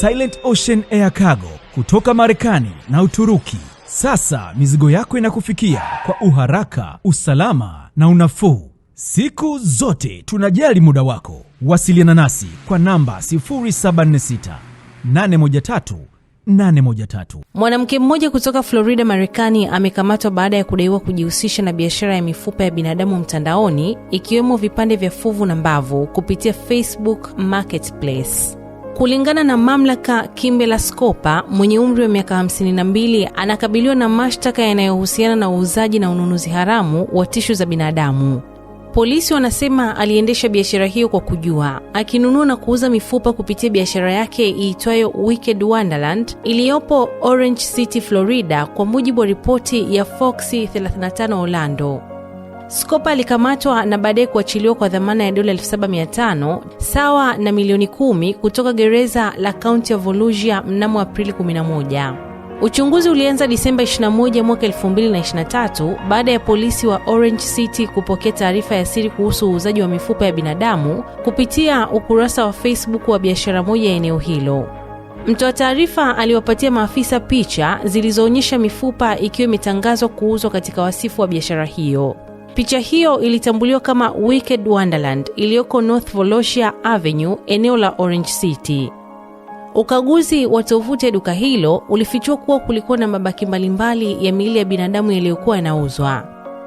Silent Ocean Air Cargo kutoka Marekani na Uturuki. Sasa mizigo yako inakufikia kwa uharaka, usalama na unafuu. Siku zote tunajali muda wako. Wasiliana nasi kwa namba 076 813 813. Mwanamke mmoja kutoka Florida, Marekani amekamatwa baada ya kudaiwa kujihusisha na biashara ya mifupa ya binadamu mtandaoni, ikiwemo vipande vya fuvu na mbavu kupitia Facebook Marketplace. Kulingana na mamlaka, Kimbela Skopa mwenye umri wa miaka 52 anakabiliwa na mashtaka yanayohusiana na uuzaji na ununuzi haramu wa tishu za binadamu. Polisi wanasema aliendesha biashara hiyo kwa kujua, akinunua na kuuza mifupa kupitia biashara yake iitwayo Wicked Wonderland iliyopo Orange City, Florida, kwa mujibu wa ripoti ya Fox 35 Orlando. Skopa alikamatwa na baadaye kuachiliwa kwa dhamana ya dola 7500 sawa na milioni kumi kutoka gereza la kaunti ya Volusia mnamo Aprili 11. Uchunguzi ulianza Disemba 21 mwaka 2023 baada ya polisi wa Orange City kupokea taarifa ya siri kuhusu uuzaji wa mifupa ya binadamu kupitia ukurasa wa Facebook wa biashara moja ya eneo hilo. Mtoa taarifa aliwapatia maafisa picha zilizoonyesha mifupa ikiwa imetangazwa kuuzwa katika wasifu wa biashara hiyo. Picha hiyo ilitambuliwa kama Wicked Wonderland iliyoko North Volosia Avenue, eneo la Orange City. Ukaguzi wa tovuti ya duka hilo ulifichua kuwa kulikuwa na mabaki mbalimbali ya miili ya binadamu yaliyokuwa yanauzwa.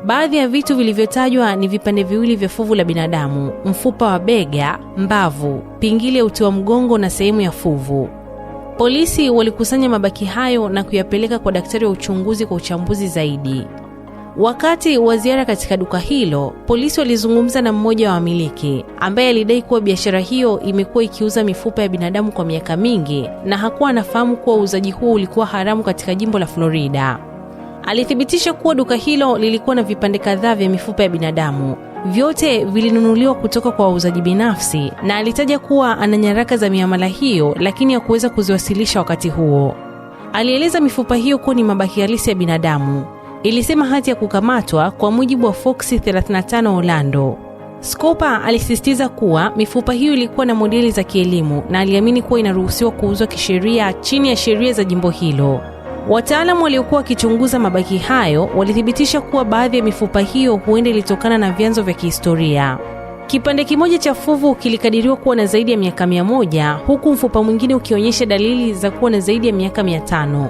Baadhi ya vitu vilivyotajwa ni vipande viwili vya fuvu la binadamu, mfupa wa bega, mbavu, pingili ya uti wa mgongo na sehemu ya fuvu. Polisi walikusanya mabaki hayo na kuyapeleka kwa daktari wa uchunguzi kwa uchambuzi zaidi. Wakati wa ziara katika duka hilo, polisi walizungumza na mmoja wa wamiliki ambaye alidai kuwa biashara hiyo imekuwa ikiuza mifupa ya binadamu kwa miaka mingi na hakuwa anafahamu kuwa uuzaji huo ulikuwa haramu katika jimbo la Florida. Alithibitisha kuwa duka hilo lilikuwa na vipande kadhaa vya mifupa ya binadamu, vyote vilinunuliwa kutoka kwa wauzaji binafsi, na alitaja kuwa ana nyaraka za miamala hiyo, lakini hakuweza kuziwasilisha wakati huo. Alieleza mifupa hiyo kuwa ni mabaki halisi ya binadamu ilisema hati ya kukamatwa kwa mujibu wa Fox 35 Orlando. Scopa alisisitiza kuwa mifupa hiyo ilikuwa na modeli za kielimu na aliamini kuwa inaruhusiwa kuuzwa kisheria chini ya sheria za jimbo hilo. Wataalamu waliokuwa wakichunguza mabaki hayo walithibitisha kuwa baadhi ya mifupa hiyo huenda ilitokana na vyanzo vya kihistoria. Kipande kimoja cha fuvu kilikadiriwa kuwa na zaidi ya miaka mia moja huku mfupa mwingine ukionyesha dalili za kuwa na zaidi ya miaka mia tano.